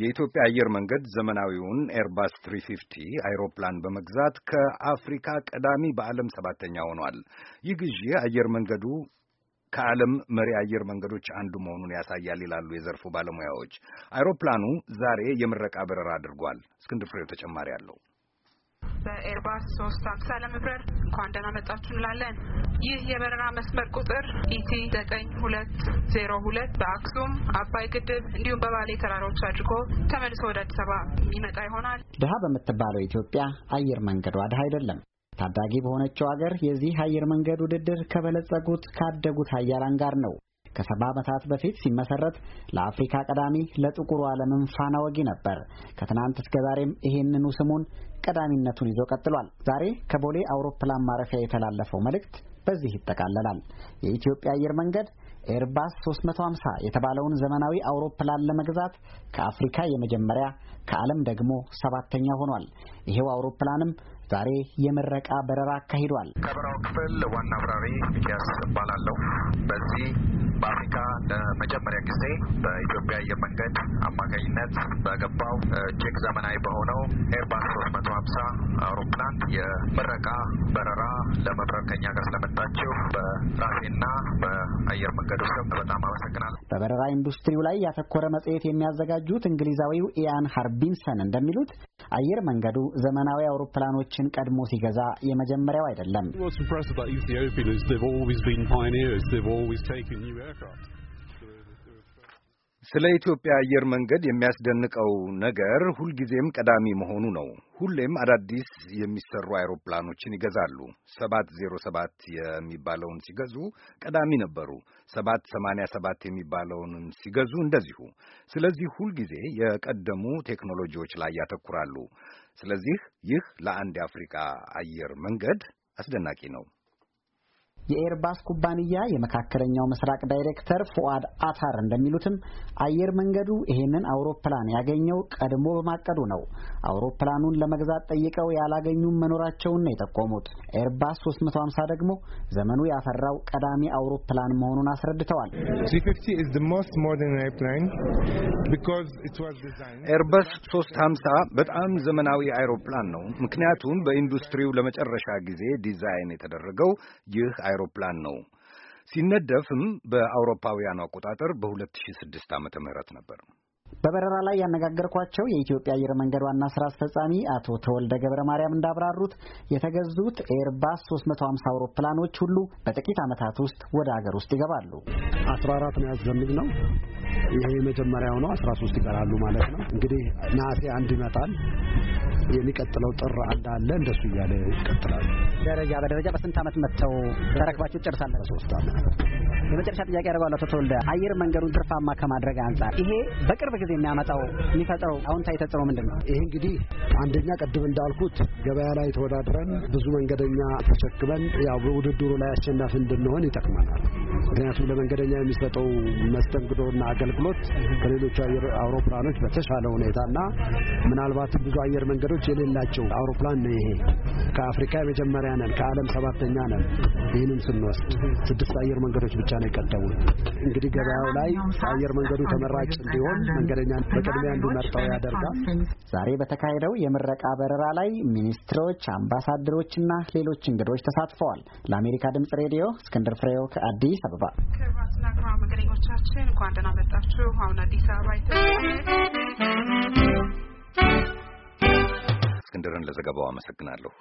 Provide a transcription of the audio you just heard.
የኢትዮጵያ አየር መንገድ ዘመናዊውን ኤርባስ 350 አይሮፕላን በመግዛት ከአፍሪካ ቀዳሚ በዓለም ሰባተኛ ሆኗል። ይህ ግዢ አየር መንገዱ ከዓለም መሪ አየር መንገዶች አንዱ መሆኑን ያሳያል ይላሉ የዘርፉ ባለሙያዎች። አይሮፕላኑ ዛሬ የምረቃ በረራ አድርጓል። እስክንድር ፍሬው ተጨማሪ አለው። በኤርባስ ሶስት ሀምሳ ለመብረር እንኳን ደህና መጣችሁ እንላለን። ይህ የበረራ መስመር ቁጥር ኢቲ ዘጠኝ ሁለት ዜሮ ሁለት በአክሱም አባይ ግድብ እንዲሁም በባሌ ተራሮች አድርጎ ተመልሶ ወደ አዲስ አበባ የሚመጣ ይሆናል። ድሀ በምትባለው ኢትዮጵያ አየር መንገዷ ድሀ አይደለም። ታዳጊ በሆነችው አገር የዚህ አየር መንገድ ውድድር ከበለጸጉት ካደጉት ሀያላን ጋር ነው። ከሰባ ዓመታት በፊት ሲመሰረት ለአፍሪካ ቀዳሚ ለጥቁሩ ዓለምም ፋና ወጊ ነበር። ከትናንት እስከ ዛሬም ይሄንኑ ስሙን ቀዳሚነቱን ይዞ ቀጥሏል። ዛሬ ከቦሌ አውሮፕላን ማረፊያ የተላለፈው መልእክት በዚህ ይጠቃለላል። የኢትዮጵያ አየር መንገድ ኤርባስ 350 የተባለውን ዘመናዊ አውሮፕላን ለመግዛት ከአፍሪካ የመጀመሪያ ከዓለም ደግሞ ሰባተኛ ሆኗል። ይሄው አውሮፕላንም ዛሬ የምረቃ በረራ አካሂዷል። ከበረራው ክፍል ዋና አብራሪ ሚኪያስ እባላለሁ። በዚህ በአፍሪካ ለመጀመሪያ ጊዜ በኢትዮጵያ አየር መንገድ አማካኝነት በገባው እጅግ ዘመናዊ በሆነው ኤርባስ ሶስት መቶ ሀምሳ አውሮፕላን የምረቃ በረራ ለመብረር ከኛ ጋር ስለመጣችሁ በራሴና በአየር መንገዱ ስም በጣም አመሰግናለሁ። በበረራ ኢንዱስትሪው ላይ ያተኮረ መጽሔት የሚያዘጋጁት እንግሊዛዊው ኢያን ሀርቢንሰን እንደሚሉት አየር መንገዱ ዘመናዊ አውሮፕላኖችን ቀድሞ ሲገዛ የመጀመሪያው አይደለም። ስለ ኢትዮጵያ አየር መንገድ የሚያስደንቀው ነገር ሁልጊዜም ቀዳሚ መሆኑ ነው። ሁሌም አዳዲስ የሚሰሩ አይሮፕላኖችን ይገዛሉ። ሰባት ዜሮ ሰባት የሚባለውን ሲገዙ ቀዳሚ ነበሩ። ሰባት ሰማንያ ሰባት የሚባለውንም ሲገዙ እንደዚሁ። ስለዚህ ሁልጊዜ የቀደሙ ቴክኖሎጂዎች ላይ ያተኩራሉ። ስለዚህ ይህ ለአንድ የአፍሪካ አየር መንገድ አስደናቂ ነው። የኤርባስ ኩባንያ የመካከለኛው ምስራቅ ዳይሬክተር ፉአድ አታር እንደሚሉትም አየር መንገዱ ይህንን አውሮፕላን ያገኘው ቀድሞ በማቀዱ ነው። አውሮፕላኑን ለመግዛት ጠይቀው ያላገኙም መኖራቸውን ነው የጠቆሙት። ኤርባስ 350 ደግሞ ዘመኑ ያፈራው ቀዳሚ አውሮፕላን መሆኑን አስረድተዋል። ኤርባስ 350 በጣም ዘመናዊ አይሮፕላን ነው። ምክንያቱም በኢንዱስትሪው ለመጨረሻ ጊዜ ዲዛይን የተደረገው ይህ አይሮፕላን ነው። ሲነደፍም በአውሮፓውያኑ አቆጣጠር በ2006 ዓ ም ነበር። በበረራ ላይ ያነጋገርኳቸው የኢትዮጵያ አየር መንገድ ዋና ስራ አስፈጻሚ አቶ ተወልደ ገብረ ማርያም እንዳብራሩት የተገዙት ኤርባስ 350 አውሮፕላኖች ሁሉ በጥቂት ዓመታት ውስጥ ወደ አገር ውስጥ ይገባሉ። 14 ነው ያዘምግ ነው። ይሄ የመጀመሪያው ነው። 13 ይቀራሉ ማለት ነው። እንግዲህ ነሐሴ አንድ ይመጣል። የሚቀጥለው ጥር አንድ አለ። እንደሱ እያለ ይቀጥላል። ደረጃ በደረጃ በስንት ዓመት መጥተው ተረክባችሁ ጨርሳለን? ሶስት ዓመት የመጨረሻ ጥያቄ ያደርገዋለሁ። አቶ ተወልደ አየር መንገዱን ትርፋማ ከማድረግ አንጻር ይሄ በቅርብ ጊዜ የሚያመጣው የሚፈጥረው አዎንታዊ ተጽዕኖ ምንድን ነው? ይህ እንግዲህ አንደኛ ቅድም እንዳልኩት ገበያ ላይ ተወዳድረን ብዙ መንገደኛ ተሸክመን ያው ውድድሩ ላይ አሸናፊ እንድንሆን ይጠቅመናል። ምክንያቱም ለመንገደኛ የሚሰጠው መስተንግዶና አገልግሎት ከሌሎቹ አየር አውሮፕላኖች በተሻለ ሁኔታና ምናልባትም ብዙ አየር መንገዶች የሌላቸው አውሮፕላን ነው ይሄ። ከአፍሪካ የመጀመሪያ ነን፣ ከዓለም ሰባተኛ ነን። ይህንን ስንወስድ ስድስት አየር መንገዶች ብቻ ነው የቀደሙን። እንግዲህ ገበያው ላይ አየር መንገዱ ተመራጭ እንዲሆን መንገደኛ በቅድሚያ እንዲመርጠው ያደርጋል። ዛሬ በተካሄደው የምረቃ በረራ ላይ ሚኒስትሮች፣ አምባሳደሮችና ሌሎች እንግዶች ተሳትፈዋል። ለአሜሪካ ድምጽ ሬዲዮ እስክንድር ፍሬው ከአዲስ አዲስ አበባ እንኳን ደህና መጣችሁ። አሁን አዲስ አበባ እስክንድርን ለዘገባው አመሰግናለሁ።